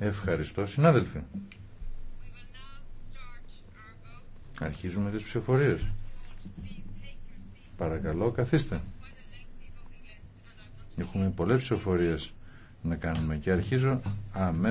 Ευχαριστώ, συνάδελφοι. Αρχίζουμε τις ψηφορίες. Παρακαλώ, καθίστε. Έχουμε πολλές ψηφορίες να κάνουμε και αρχίζω αμέσως.